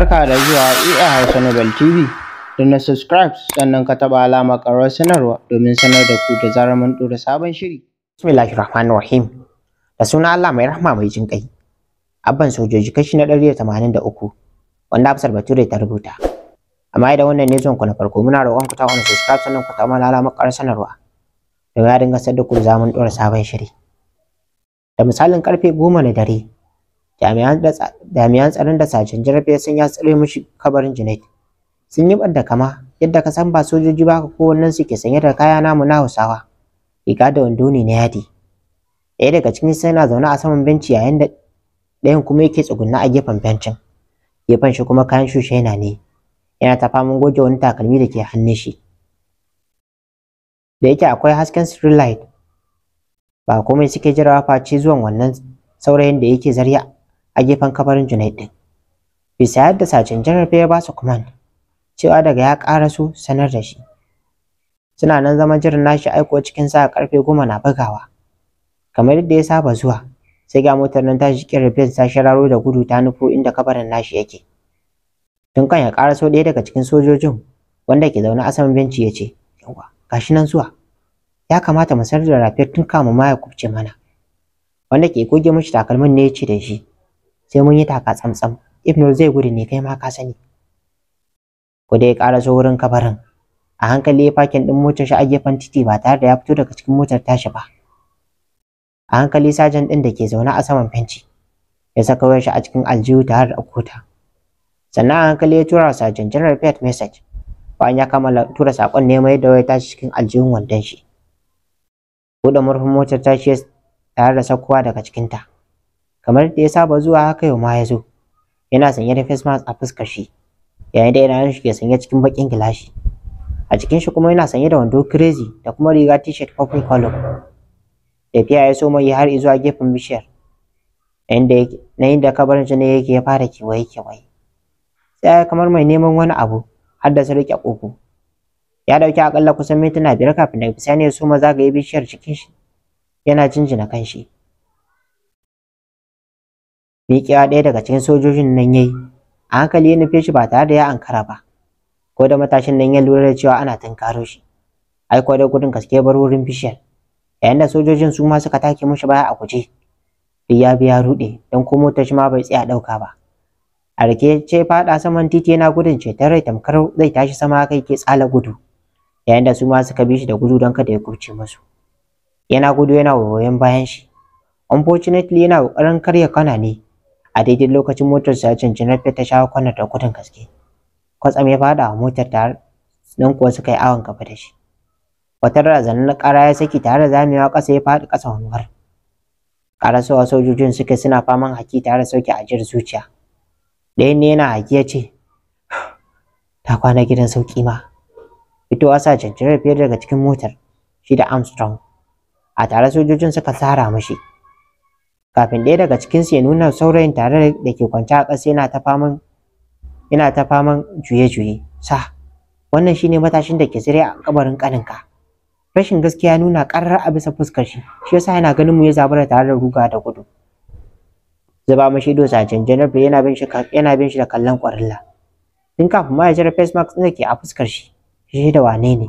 Barka da zuwa EA Hausa Nobel TV. Da na subscribe sannan ka taɓa alamar ƙarar sanarwa domin sanar da ku da zarar mun ɗora sabon shiri. Bismillahir Rahmanir Rahim. Da suna Allah mai rahma mai jin ƙai. Abban sojoji kashi na ɗari da tamanin da uku wanda Hafsat Bature ta rubuta. Amma idan wannan ne ku na farko muna roƙon ku ta wani subscribe sannan ku taɓa alamar ƙarar sanarwa. Domin ya dinga sadda ku da dora ɗora sabon shiri. Da misalin karfe goma na dare jami'an tsaron da sashen jirage sun ya tsare mushi kabarin Junaid sun yi da kama yadda ka san ba sojoji ba ko wannan su ke sanye da kaya namu na Hausawa riga da wando ne na yadi ɗaya daga cikin sai na zaune a saman benci yayin da ɗayan kuma yake tsugunna a gefen bencin gefen shi kuma kayan shushe yana ne yana ta faman goge wani takalmi da ke hannun shi da yake akwai hasken street light ba komai suke jirawa face zuwan wannan saurayin da yake zarya a gefen kabarin Junaid din. Bisa yadda sacin janar ya ba su kuman cewa daga ya karaso sanar da shi. Suna nan zama jiran nashi aiko cikin sa karfe goma na bugawa. Kamar yadda ya saba zuwa sai ga motar nan ta shiƙi rufin ta shararo da gudu ta nufo inda kabarin nashi yake. Tun kan ya karaso ɗaya daga cikin sojojin wanda ke zaune a saman benci ya ce yawa gashi nan zuwa ya kamata mu sanar da rafiyar tun kama ma ya kubce mana wanda ke goge mashi takalmin ne ya ce da shi sai mun yi taka tsamtsam ibnur zai gudu ne kai ma ka sani ku dai karaso wurin kabarin a hankali ya fakin din motar shi a gefen titi ba tare da ya fito daga cikin motar tashi ba a hankali sajan ɗin da ke zaune a saman fenci ya saka wayar shi a cikin aljihu tare da akota sannan a hankali ya tura sajan general pet message bayan ya kammala tura sakon ne mai da wayar tashi cikin aljihun wandon shi buɗe murfin motar tashi tare da sakowa daga cikinta kamar da ya saba zuwa haka yau ma ya zo yana sanye da face mask a fuskar shi yayin da yana shi ke sanye cikin bakin gilashi a cikin shi kuma yana sanye da wando crazy da kuma riga t-shirt purple color tafiya ya so mai har zuwa gefen bishiyar inda na inda kabarin shi ne yake ya fara kewaye kewaye sai kamar mai neman wani abu har da su rike koko ya dauki akalla kusan mintuna biyar kafin da bisani ya so ma zagaye bishiyar cikin shi yana jinjina kanshi shi miƙewa ɗaya daga cikin sojojin nan yayi a hankali ya nufe shi ba tare da ya ankara ba ko da matashin nan ya lura da cewa ana tunkaro shi ai ko da gudun gaske bar wurin bishiyar yayin da sojojin su ma suka take mushi baya a guje ya biya ruɗe don ko motar shi ma bai tsaya ɗauka ba a rike ce faɗa saman titi yana gudun ce, ceton rai tamkar zai tashi sama kai ke tsala gudu yayin da su ma suka bi shi da gudu don kada ya kurce musu yana gudu yana wayoyin bayan shi unfortunately yana ƙoƙarin karya kana ne a daidai lokacin motar sa na ta shawo kwana da kudin gaske kwatsam ya fada a motar ta nan kuwa suka yi awon gaba da shi wata razanar na ƙara ya saki tare da zamewa kasa ya faɗi ƙasa wanwar ƙarasowa sojojin suke suna faman haki tare da sauke ajiyar zuciya ɗayan ne yana haki ya ce ta kwana gidan sauƙi ma fitowa sa jinjinar fiye daga cikin motar shi da armstrong a tare sojojin suka tsara mashi kafin ɗaya daga cikinsu ya nuna saurayin tare da ke kwance a ƙasa yana ta faman yana ta faman juye-juye sa wannan shine matashin da ke tsire a kabarin ƙaninka rashin gaskiya nuna ƙarar a bisa fuskar shi shi yasa yana ganin mu ya zabura tare da ruga da gudu zuba mashi ido sajen janar yana bin shi yana bin shi da kallon ƙwarilla tun kafin ma ya jira face mask ɗin ke a fuskar shi shi da wane ne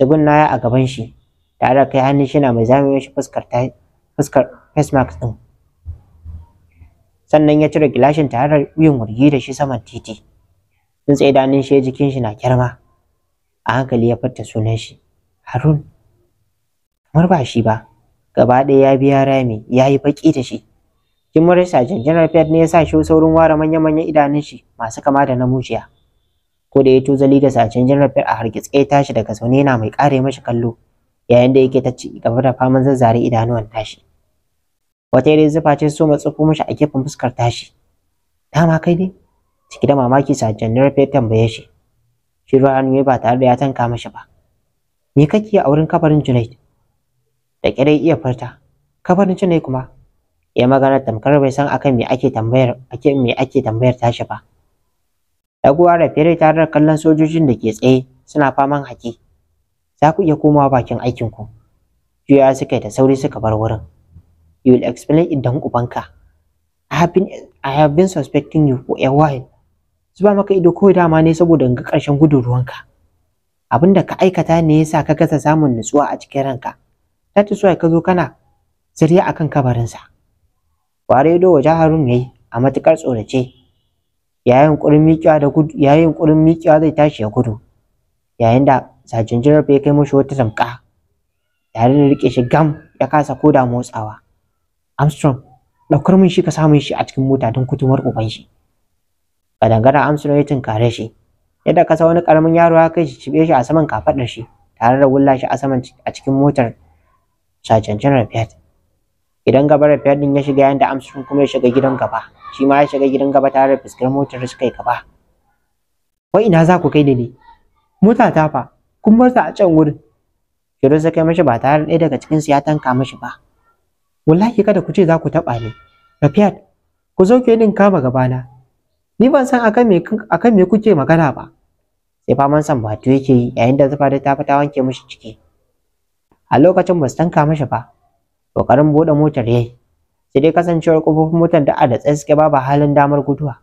tsugunna ya a gaban shi tare da kai hannun shi na mai zamewa shi fuskar ta fuskar face mask ɗin sannan ya cire gilashin tare da wuyan wurgi da shi saman titi sun tsaye danin shi jikin shi na girma a hankali ya furta sunan shi harun kamar ba shi ba gaba ɗaya ya biya rami ya yi baƙi da shi Kimar sajan janar fed ne ya sa shi saurin ware manyan manyan idanun shi masu kama da na mujiya ko da ya tuzali da sajan janar fed a hargitse ya tashi daga zaune yana mai ƙare mashi kallo yayin da yake ta ci gaba da faman zazzare idanuwan tashi wata yare zufa ce so matsufo mashi a gefen fuskar tashi dama kai ne ciki da mamaki sa rufe tambaye shi shi ruwa hannu ba tare da ya tanka mashi ba me kake a wurin kabarin junaid da kirai iya furta kabarin junaid kuma ya magana tamkar bai san akan me ake tambayar ake me ake tambayar tashi ba Ɗaguwa da fere tare da kallon sojojin da ke tsaye suna faman haki za ku iya komawa bakin aikinku juya suka yi da sauri suka bar wurin you will explain it dan ubanka I have been I have been suspecting you for a while zuba maka ido ko kawai dama ne saboda ga karshen gudun ruwanka abinda ka aikata ne yasa ka gasa samun nutsuwa a cikin ranka that so ai ka zo kana zuriya akan kabarinsa ware ido waje harun yayi a matukar tsorace yayin kurin miƙewa da gudu yayin kurin miƙewa zai tashi ya gudu yayin da sajin jirar ya kai mushi wata tamka. tare da rike shi gam ya kasa koda motsawa Armstrong ɗaukar min shi ka samun shi a cikin mota don kutumar uban shi kadangaren Armstrong ya tunkare shi yadda kasa wani karamin yaro ya kai shi cibe shi a saman kafaɗar shi tare da wulla shi a saman a cikin motar sajancin Rafiat idan gaba Rafiat din ya shiga yadda Armstrong kuma ya shiga gidan gaba shi ma ya shiga gidan gaba tare da fuskar motar suka kai gaba wai ina za ku kai da ni mota ta fa kun bar ta a can wurin Shirin sai kai mashi ba tare ɗaya daga cikinsu ya tanka mashi ba. wallahi kada ku ce za ku taɓa ni rafiyat ku zauke din kama gabana ni ban san akan me akan me kuke magana ba sai faman san to yake yi yayin da zufa ta fita wanke mishi ciki a lokacin ba su tanka mishi ba kokarin bude motar yayi sai dai kasancewar kofofin motar da a da tsaye suke babu halin damar guduwa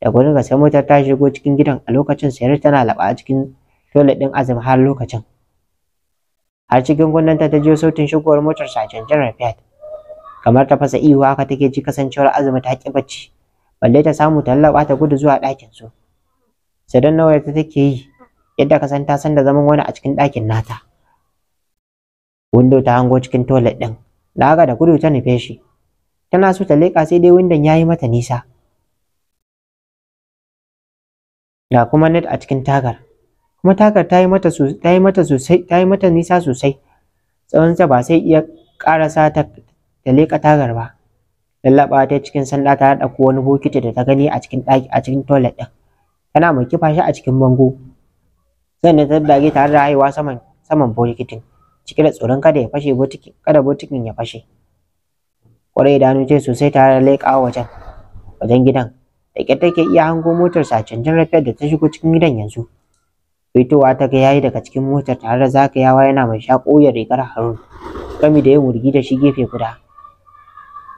da gurin ga sai motar ta shigo cikin gidan a lokacin sayar tana laba a cikin toilet din azumi har lokacin har cikin gundanta ta jiyo sautin shigowar motar sajen jan rafiat kamar ta fasa ihu haka take ji kasancewar azumi ta ki bacci balle ta samu ta ta gudu zuwa ɗakin su sai dan nawa ta take yi yadda ka san ta san da zaman wani a cikin ɗakin nata window ta hango cikin toilet ɗin da da gudu ta nufe shi tana so ta leka sai dai windon yayi yi mata nisa ga kuma net a cikin tagar kuma tagar ta yi mata sosai ta yi mata nisa sosai tsawon ta ba sai iya karasa ta ta leƙa tagar ba lallaɓa ta cikin sanda ta da ko wani bokiti da ta gani a cikin daki a cikin toilet ɗin tana mai kifa shi a cikin bango sannan ta dage tare da haihuwa saman saman bokitin cike da tsoron kada ya fashe bokitin kada bokitin ya fashe kwarai da ce sosai tare da leƙa wajen wajen gidan da ke take iya hango motar sa canjin rafiyar da ta shigo cikin gidan yanzu fitowa ta ga yayi daga cikin motar tare da zakayawa yana mai shaƙo ya rigar harun Kami da ya wurgi da shi gefe guda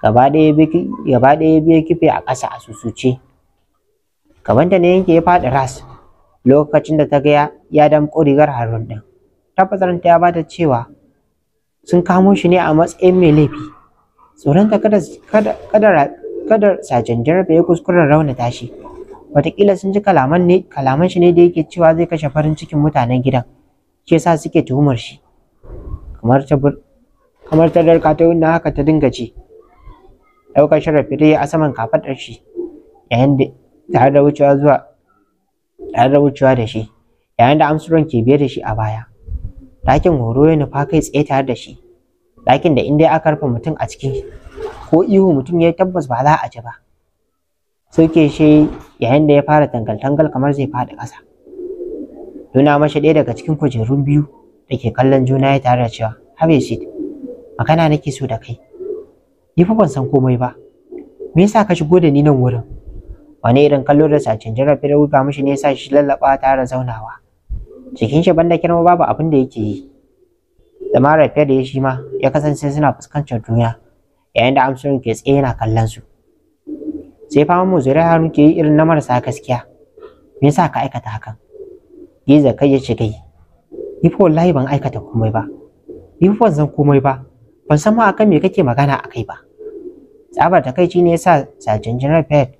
gaba ɗaya biyu kife a ƙasa a susuce gabanta ne yanke ya faɗi ras lokacin da ta ga ya damƙo rigar harun ɗin tabbatar ta ba ta cewa sun kamo shi ne a matsayin mai laifi tsoronta kada kada kada sajan ya kuskuren raunata shi wataƙila sun ji kalaman ne kalaman shi ne da yake cewa zai kashe farin cikin mutanen gidan shi yasa suke tuhumar shi kamar ta kamar ta darka ta haka ta dinga ci ɗaukar sharafi a saman kafaɗar shi yayin da tare da wucewa zuwa tare da wucewa da shi yayin da Armstrong ke biye da shi a baya ɗakin horo ya nufa kai tsaye tare da shi ɗakin da in dai aka rufe mutum a ciki ko ihu mutum ya tabbas ba za a ci ba sauke shi yayin da ya fara tangal-tangal kamar zai faɗi ƙasa. Nuna mashi ɗaya daga cikin kujerun biyu da ke kallon juna ya tare da cewa, Habesid, magana nake so da kai. Ni fa ban san komai ba. Me yasa ka shigo da ni nan wurin? Wani irin kallo da sacin jarabe da wuka mishi ne yasa shi lallaba tare zaunawa. Cikin shi banda kirma babu abin da yake yi. Da mara fiye da shi ma ya kasance suna fuskantar juna yayin da amsun ke tsaye yana kallon su. Sai fama mu zure hannu ke yi irin na marasa gaskiya. Me yasa ka aikata hakan? Giza kai ya shigai. Ni fa wallahi ban aikata komai ba. Ni fa ban san komai ba. Ban san ma akan me kake magana akai ba. tsabar takaici ne yasa Sergeant General Pet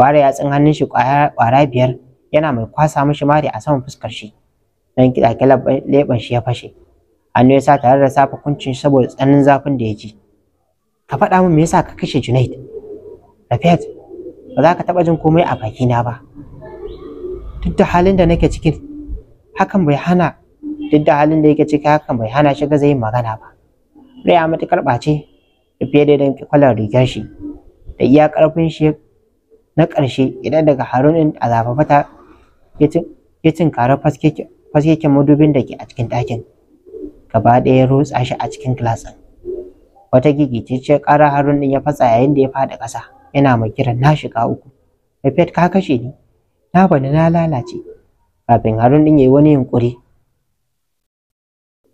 ya yatsun hannun shi kwara biyar yana mai kwasa mishi mari a saman fuskar shi kiɗa kiɗaƙe leɓen shi ya fashe hannu ya sa tare da safa kuncin saboda tsananin zafin da ya ji ka faɗa min me yasa ka kashe Junaid Rafet ba za ka taɓa jin komai a bakina ba duk da halin da nake cikin hakan bai hana duk da halin da yake ciki hakan bai hana shi gaza yin magana ba rai a matuƙar ɓace fiye da danƙe kwalar riga shi da iya ƙarfin shi na ƙarshe idan daga harun ɗin a zafafa ta ya faske faskeken madubin da ke a cikin ɗakin gaba ɗaya ya rutsa shi a cikin kilasin wata gigiciciyar ƙara harun ɗin ya fasa yayin da ya faɗi ƙasa yana mai kiran na shiga uku rafet ka kashe ni na bani na lalace kafin harun ɗin ya yi wani yunƙuri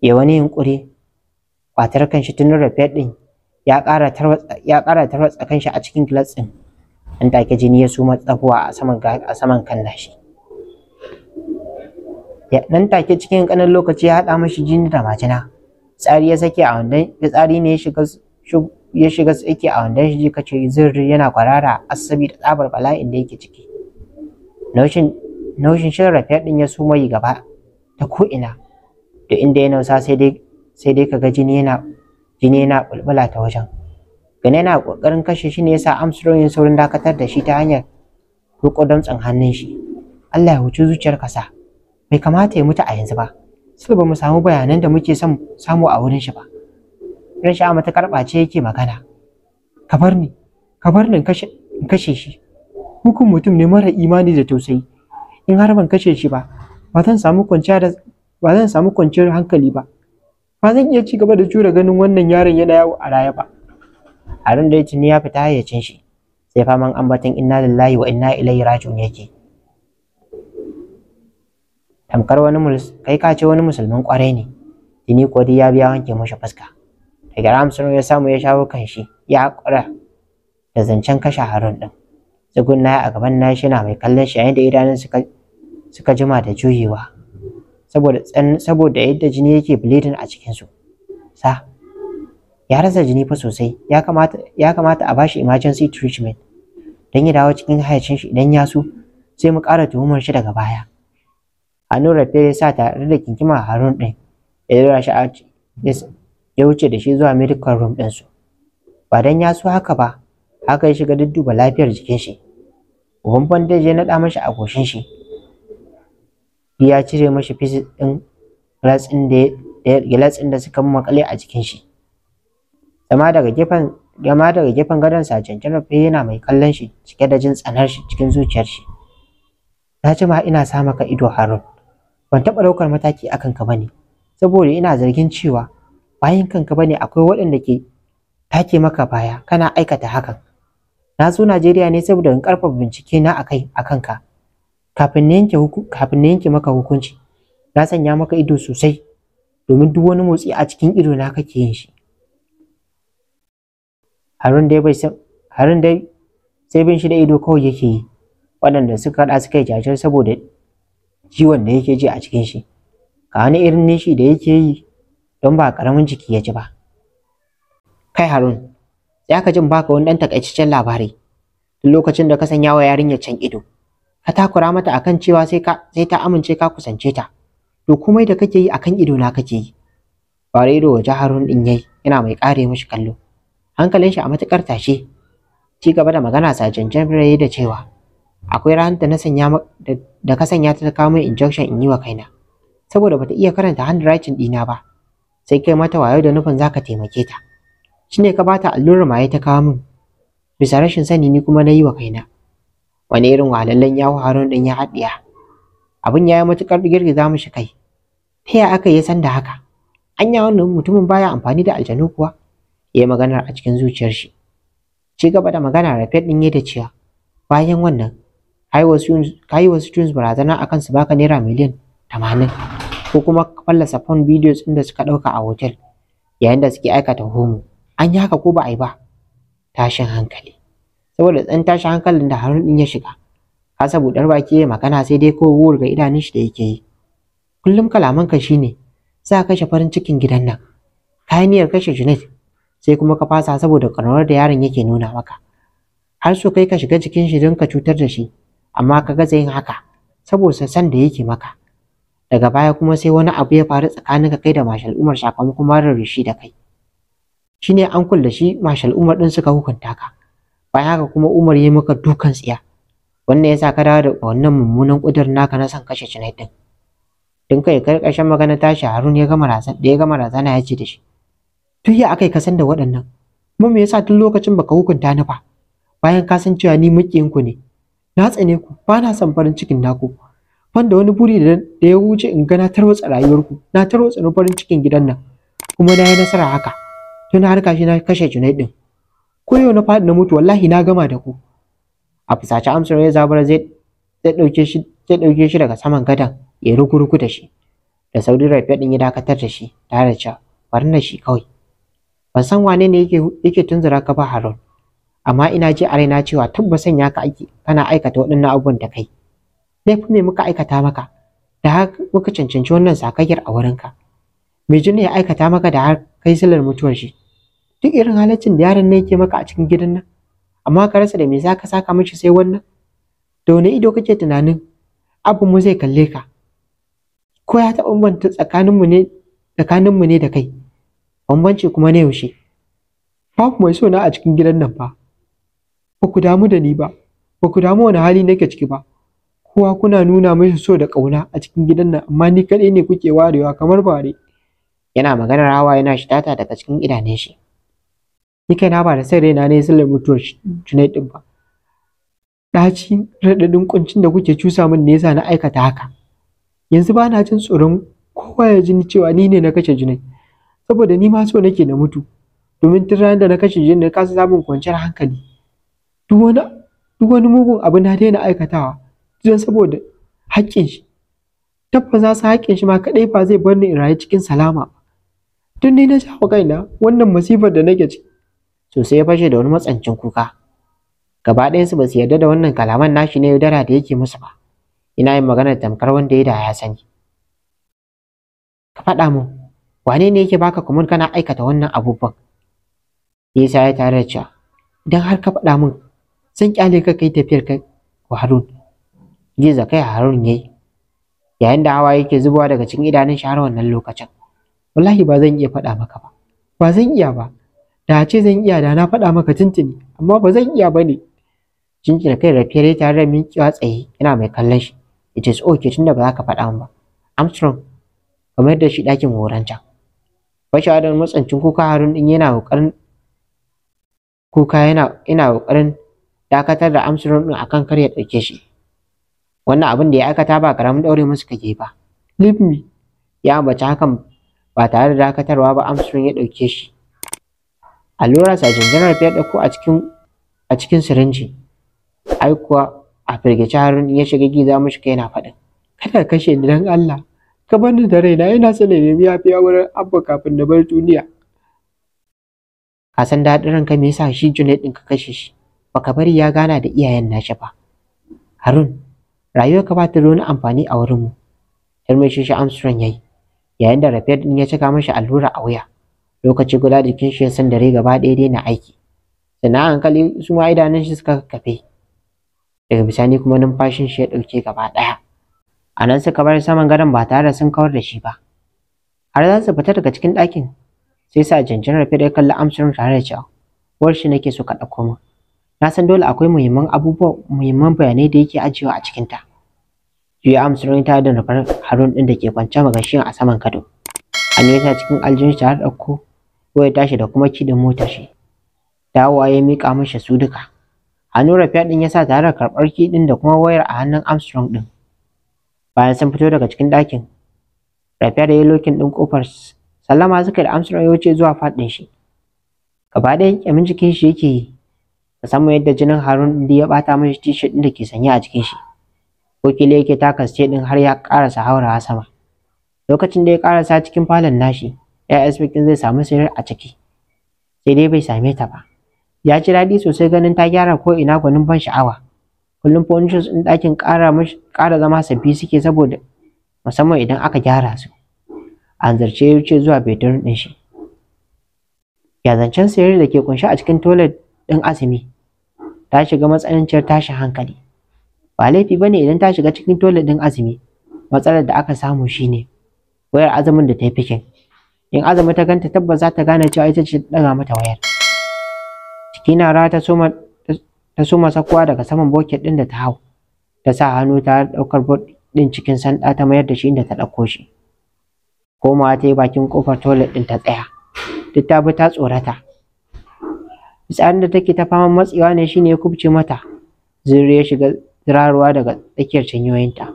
ya wani yunƙuri kwatar kan shi tun rafet ɗin ya ƙara tarwatsa kanshi a cikin gilas ɗin an take jini ya suma tsahuwa a saman kan shi. nan take cikin ƙanan lokaci ya haɗa mashi jini da majina tsari ya sake a wandon tsari ne ya shiga tsaki a wandon shi kace zirri yana kwarara asabi da tsabar bala'in da yake ciki naushin naushin shirin rafiyar din ya yi gaba ta ko ina da inda ya nausa sai dai sai dai kaga jini yana jini yana bulbula ta wajen gane yana kokarin kashe shi ne yasa Armstrong yin saurin dakatar da shi ta hanyar roƙo damtsan hannun shi Allah ya huci zuciyar kasa bai kamata ya mutu a yanzu ba sai ba mu samu bayanan da muke son samu a wurin shi ba mata matakar ce yake magana ka bar ni ka bar ni in kashe shi hukun mutum ne mara imani da tausayi in har ban kashe shi ba ba zan samu kwanciyar hankali ba ba zan iya ci gaba da jure ganin wannan yaron yana yawo a raye ba a da ya tuni ya fita hayyacin shi sai faman ambaton inna lillahi wa inna ilaihi raji'un yake tamkar wani kai ka ce wani musulmin kware ne tuni ko ya biya wanke mashi fuska daga ramsun ya samu ya shawo kan shi ya kura da zancen kashe harun din tsugunna a gaban nashi na mai kallon shi a da idanun suka suka jima da juyewa saboda saboda yadda jini yake bleeding a cikin su sa ya rasa jini fa sosai ya kamata ya kamata a bashi emergency treatment dan ya dawo cikin hayacin shi idan ya so sai mu ƙara tuhumar shi daga baya Anura ya sa tare da kinkima Harun din ya dora shi a ya wuce da shi zuwa medical room din su ba dan ya so haka ba haka ya shiga dudduba lafiyar jikin shi uban bandeji na da mashi a goshin shi ya cire mashi fisi ɗin gilas da da suka makale a jikin shi zama daga gefen gama daga gefen gadon sa cancanar yana mai kallon shi cike da jin tsanar shi cikin zuciyar shi na ma ina sa maka ido harun ban taɓa ɗaukar mataki akan ka bane saboda ina zargin cewa bayan kanka bane akwai waɗanda ke take maka baya kana aikata hakan na zo Najeriya ne saboda in ƙarfafa bincike na akai a kanka. kafin na yanke kafin yanke maka hukunci na sanya maka ido sosai domin duk wani motsi a cikin ido na kake yin shi harun dai bai san harun dai sai bin shi da ido kawai yake yi waɗanda suka haɗa suka yi jajar saboda jiwon da yake ji a cikin shi ga wani irin nishi da yake yi don ba ƙaramin jiki ya ji ba kai harun ya ka jin baka wani ɗan takaitaccen labari duk lokacin da ka sanya wa yarinyar can ido ka takura mata akan cewa sai ka sai ta amince ka kusance ta to komai da kake yi akan ido na kake yi bare ido waje harun din yayi yana mai kare mishi kallo hankalin shi a matukar tashe ci gaba da magana sajan jabirai da cewa akwai ranar da na sanya da ka sanya ta kawo min injection in yi wa kaina saboda bata iya karanta handwriting dina ba sai kai mata wayo da nufin zaka taimake ta shine ka bata allurar maye ta kawo min bisa rashin sani ni kuma na yi wa kaina wani irin ya yawo harun din ya haɗiya abin ya yi matuƙar girgiza shi kai ta ya aka yi san da haka Anya ya wannan mutumin baya amfani da aljanu kuwa ya yi maganar a cikin zuciyar shi ci gaba da magana rafet ɗin ya da cewa, bayan wannan kayi wasu tunes barazana akan su baka naira miliyan tamanin ko kuma fallasa phone videos inda suka ɗauka a hotel yayin da suke aikata homo an yi haka ko ba a yi ba tashin hankali saboda tsan tashi hankalin da Harun din ya shiga har saboda baki ya magana sai dai ko wuri ga idanun shi da yake yi kullum kalaman ka shine za ka kashe farin cikin gidan nan kayaniyar kashe Junaid sai kuma ka fasa saboda ƙarnar da yaron yake nuna maka har so kai ka shiga cikin shi don ka cutar da shi amma ka gaza yin haka saboda san da yake maka daga baya kuma sai wani abu ya faru tsakanin ka kai da mashal umar sakamakon marar rishi da kai shine an kulle shi mashal umar din suka hukunta ka bayan haka kuma Umar ya maka dukan tsiya wannan yasa ka dawo da wannan mummunan kudirin naka na san kashe Junaid din din kai kar magana tashi Harun ya gama razan da ya gama razana ya ce da shi to ya akai ka san da waɗannan kuma me yasa tun lokacin baka hukunta ni ba bayan ka san cewa ni makiyin ku ne na tsane ku ba na son farin cikin naku wanda wani buri da ya wuce in gana na tarwatsa rayuwarku na tarwatsa farin cikin gidan nan kuma na yi nasara haka tun harka shi na kashe junaidin. ko yau na faɗi na mutu wallahi na gama da ku a fusace amsar ya zabar zai ɗauke shi zai ɗauke shi daga saman gadan ya rugu-rugu da shi da sauri rafiya ɗin ya dakatar da shi tare da cewa bari na shi kawai ban san wane ne yake yake tunzura ka ba Harun amma ina ji a raina cewa tabbasan ya ka aiki kana aikata waɗannan abubuwan da kai laifin ne muka aikata maka da har muka cancanci wannan sakayyar a wurinka me jini ya aikata maka da har kai silar mutuwar shi duk irin halaccin da yaron nan yake maka a cikin gidan nan amma ka rasa da me zaka saka mishi sai wannan da wani ido kake tunanin abu mu zai kalle ka ko ya taɓa bambanta tsakaninmu ne tsakaninmu ne da kai bambanci kuma na yaushe babu mai sona a cikin gidan nan ba ba ku damu da ni ba ba ku damu wani hali nake ciki ba kowa kuna nuna mishi so da ƙauna a cikin gidan nan amma ni kaɗai ne kuke warewa kamar bare yana maganar hawa yana shi tata daga cikin idanun shi ni kai na ba da sai raina ne sai mutuwar Junaid din ba ɗaci raɗaɗin kuncin da kuke cusa min ne yasa na aikata haka yanzu ba na jin tsoron kowa ya ji cewa ni ne na kashe Junaid saboda ni ma so nake na mutu domin tun ranar da na kashe Junaid na kasa samun kwanciyar hankali duk wani duk wani mugun abu na daina aikatawa don saboda haƙƙin shi tabbas za su haƙƙin shi ma kaɗai ba zai bar ni in rayu cikin salama ba tun ni na jawo kaina wannan masifar da nake ciki to sai ya fashe da wani matsancin kuka gaba ɗayansu ba su yarda da wannan kalaman nashi na yaudara da yake musu ba ina yin magana tamkar wanda ya da ya sani ka faɗa mu wane ne yake baka kuma kana aikata wannan abubuwan Isa ya tare da cewa dan har ka faɗa min san kyale ka kai tafiyar kai wa Harun jiza kai Harun yayi yayin da hawa yake zubowa daga cikin idanun shi har wannan lokacin wallahi ba zan iya faɗa maka ba ba zan iya ba da ce zan iya da na faɗa maka tuntuni amma ba zan iya ba ne jinjina kai rafiyar ya tare da kiwa tsaye yana mai kallon shi it is okay tunda ba za ka faɗa min ba Armstrong kamar da shi ɗakin horanta Basha da matsancin kuka Harun ɗin yana ƙoƙarin kuka yana ina ƙoƙarin dakatar da Armstrong ɗin akan kar ya ɗauke shi wannan abin da ya aikata ba karamin daure musu kake ba leave me ya ambaci hakan ba tare da dakatarwa ba Armstrong ya ɗauke shi Allura, sa jinjinar ya da a a cikin sirinji ai kuwa a firgice harun ya shiga giza mishi kai yana faɗin kada kashe ni dan Allah ka bani da raina ina so ne nemi yafiya wurin abba kafin na bar duniya ka san daɗin ranka me yasa shi Junaid ɗin ka kashe shi baka bari ya gana da iyayen nashi ba Harun ka ba ta da wani amfani a wurin mu Yarmai shi Armstrong yayi yayin da Rafiat ɗin ya cika mashi allura a wuya lokaci guda jikin shi ya san dare gaba ɗaya na aiki sannan a hankali su ma idanun shi suka kafe daga bisani kuma numfashin shi ya ɗauke gaba ɗaya a nan suka bar saman gadon ba tare da sun kawar da shi ba har za su fita daga cikin ɗakin sai sa janjanar rufe da kalli amsarin tare da cewa uwar shi nake so ka ɗauko min na san dole akwai muhimman abubuwa muhimman bayanai da yake ajiyewa a cikinta juya amsarin ta da rufar harun ɗin da ke kwance magashin a saman gado an yi ta cikin aljihun tare da ɗauko ko ya tashi da kuma da mota shi dawowa ya mika masa su duka hannu rafiya din ya sa tare da karɓar kidin da kuma wayar a hannun armstrong din bayan sun fito daga cikin dakin rafiya da ya lokin din kofar sallama suka da armstrong ya wuce zuwa faɗin shi gaba ɗaya kyamin jikin shi yake yi musamman yadda jinin harun din ya bata mashi t-shirt din da ke sanye a jikin shi wakili yake takas ce din har ya karasa haurawa sama lokacin da ya karasa cikin falon nashi ya aspect zai samu sirar a ciki sai dai bai same ta ba ya ji daɗi sosai ganin ta gyara ko ina gwanin ban sha'awa kullum furnitures ɗin ɗakin ƙara zama sabbi suke saboda musamman idan aka gyara su an zarce ya ce zuwa bedroom din shi ya zancen sayar da ke kunshi a cikin toilet ɗin azumi ta shiga matsananciyar tashin hankali ba laifi ba ne idan ta shiga cikin toilet ɗin azumi matsalar da aka samu shine wayar azumin da ta yi fikin in azumi ta ganta tabbas za ta gane cewa ita ce daga mata wayar kina ra ta soma ta soma sakuwa daga saman boket din da ta hau ta sa hannu ta daukar bot din cikin sanda ta mayar da shi inda ta dauko shi komawa ta yi bakin kofar toilet din ta tsaya duk ta bi ta tsorata tsarin da take ta fama matsewa ne shine ya kubce mata zirre ya shiga zirarwa daga tsakiyar cinyoyinta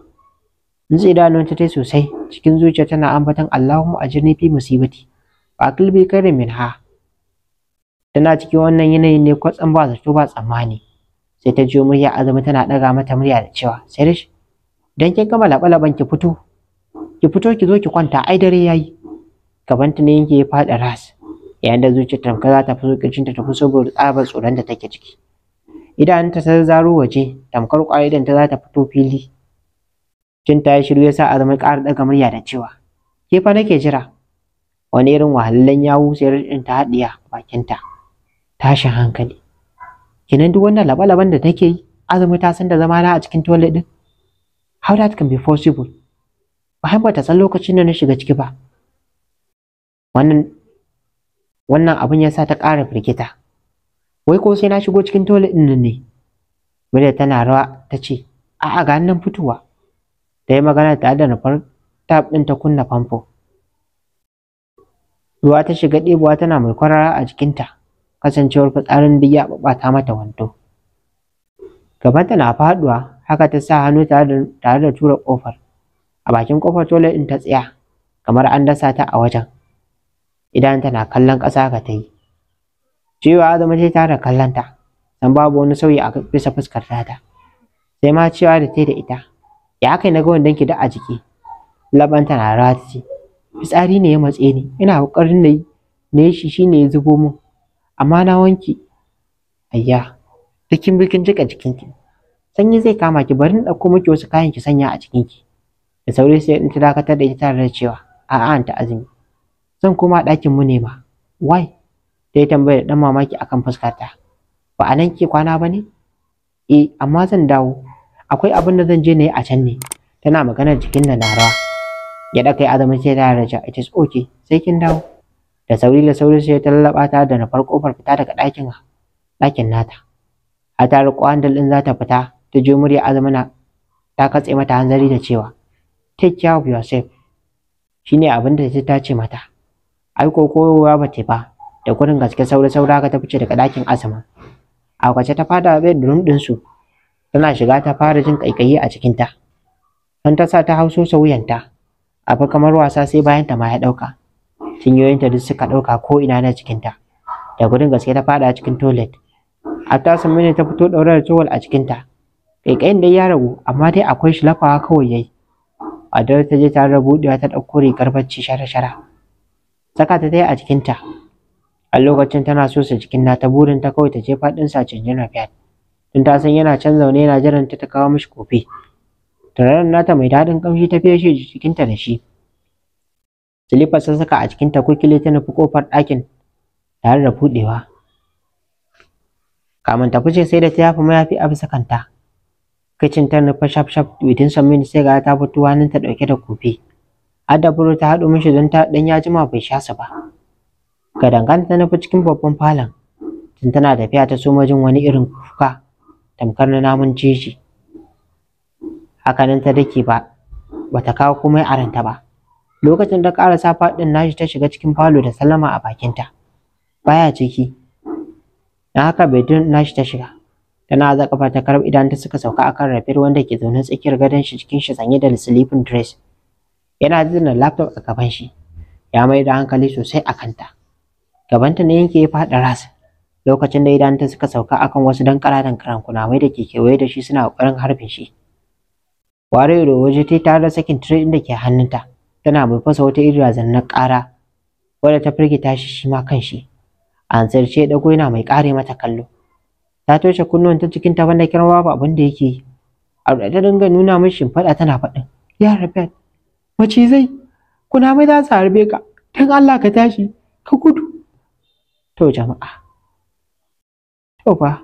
nutse idanunta ta sosai cikin zuciya tana ambaton Allahumma ajirni fi musibati wa qalbi khairin minha tana cikin wannan yanayin ne kwatsam ba zato ba tsammani sai ta jiyo murya azumi tana daga mata murya da cewa Sai sirish dan kin gama laɓa-laɓan ki fito ki fito ki zo ki kwanta ai dare yayi gabanta ne yake ya faɗa ras yayin da zuciyar tamka za ta fito kircinta ta fuso gurin tsabar tsoron da take ciki Idan ta zaro waje tamkar ƙwayoyin ta za ta fito fili Cin ta yi shiru ya sa azumin ƙara ɗaga murya da cewa, Ke fa nake jira. Wani irin wahalhalun yawu sai rashin ta haɗiya bakinta. Tashin hankali. kinan duk wannan labalaban da take yi, Azumi ta san da zama na a cikin toilet din? How that can be possible? Ba ba ta san lokacin da na shiga ciki ba. Wannan wannan abin ya sa ta ƙara firgita. Wai ko sai na shigo cikin toilet ɗin ne? Murya tana rawa ta ce, A'a ga nan fitowa. ta yi magana tare da nufar tab ɗin ta kunna famfo ruwa ta shiga ɗebuwa tana mai kwarara a jikinta kasancewar fitsarin duk ya ɓaɓɓata mata wando gabanta na faɗuwa haka ta sa hannu tare da tura ƙofar a bakin ƙofar tole ɗin ta tsaya kamar an dasa ta a wajen idan tana kallon ƙasa ka ta yi cewa zama sai tare kallon ta don babu wani sauyi a bisa fuskar ta sai ma cewa da ta da ita ya aka yi na ga wandon ki da a jiki labanta na rawa fitsari ne ya matse ni ina kokarin da ne shi shine ya zubo mu amma na wanki ayya bikin bikin jika jikinki sanyi zai kama ki bari na ɗauko miki wasu kayan ki sanya a jikinki da sauri sai in ta da ita tare da cewa a an ta azumi zan koma dakin mu ne ma wai ta yi tambayar da ɗan mamaki akan fuskarta ba a nan ke kwana ba ne eh amma zan dawo akwai abin da zan je na yi a can ne tana maganar jikin da na Ya ya kai azumin sai da raja it is okay sai kin dawo da sauri da sauri sai ta lallaba ta da na farko fita daga ɗakin ɗakin nata a ta riƙo handle ɗin za ta fita ta je murya na ta katse mata hanzari da cewa take care of yourself shine abin da ta ce mata ai ko koyowa ba ta ba da gurin gaske saura saura ka ta fice daga ɗakin azumin. a kwace ta fada bedroom su tana shiga ta fara jin kaikayi a cikinta don ta sa ta hauso sa wuyanta abu kamar wasa sai bayanta ma ya ɗauka cinyoyinta duk suka ɗauka ko ina na cikinta da gudun gaske ta fada cikin toilet a tasin mini ta fito ɗaure da towel a cikinta ƙaiƙayin dai ya ragu amma dai akwai shi lafawa kawai yayi a dare ta je tare da buɗewa ta ɗauko rigar bacci shara-shara saka ta dai a jikinta a lokacin tana so su jikin nata burin ta kawai ta je faɗinsa canjin rafiat Tun ta san yana can zaune yana jiran ta ta kawo mishi kofi turaren nata mai daɗin ƙamshi ta fiye cikin jikinta da shi silifar sun saka a cikin ta takokile ta nufi ƙofar ɗakin tare da buɗewa kamun ta fice sai da ta yafa mayafi a bisa kanta kicin ta nufa shaf shaf within sai ga ta fito ta ɗauke da kofi har ta haɗo mishi don ta ɗan ya jima bai sha su ba ga danganta ta nufi cikin babban falon tun tana tafiya ta soma jin wani irin kuka tamkar na namun jeji hakanan ta dake ba bata kawo komai a ranta ba lokacin da karasa faɗin nashi ta shiga cikin falo da salama a bakinta baya ciki na haka bedroom nashi ta shiga tana za kafa ta karb idan ta suka sauka akan rafir wanda ke zaune tsakiyar gadon shi cikin shi sanye da sleeping dress yana zina laptop a gaban shi ya mai da hankali sosai a kanta gabanta ne yanke ya faɗa lokacin da ta suka sauka akan wasu dan kararan karan kunamai da ke kewaye da shi suna kokarin harbin shi ware da waje ta tare da sakin tire da ke hannunta tana mai fasa wata irin na kara wadda ta firgita tashi shi ma kanshi an sarce dago yana mai kare mata kallo ta toshe kunnuwan ta cikin ta banda kiran babu abin da yake yi a ta dinga nuna min fada tana faɗin ya rabat macizai kunamai za su harbe ka dan Allah ka tashi ka gudu to jama'a Yauwa,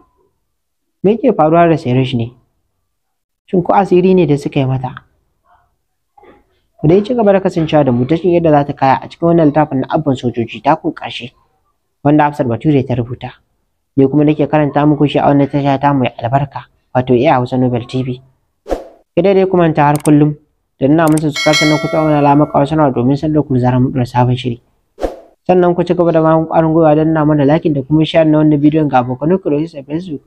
me yake faruwa da Sirish ne? Shin ko asiri ne da suka yi mata? Ku dai ci gaba da kasancewa da mu ta shin yadda za ta kaya a cikin wannan littafin na abban sojoji takun ƙarshe wanda Hafsat Bature ta rubuta. Ni kuma nake karanta muku shi a wannan tasha ta mai albarka wato iya Hausa Nobel TV. Idan dai kuma ta har kullum da ina musu su kasa na ta wani alamar kawai sanarwa domin sanar ku zarar mu sabon shiri. sannan ku ci gaba da bamu ƙwarin gwiwa don na mana lakin da kuma share na wannan bidiyon ga abokan ku da Facebook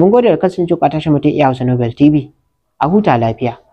mun gode da kasance ku a tashar mu ta iya Hausa Nobel TV a huta lafiya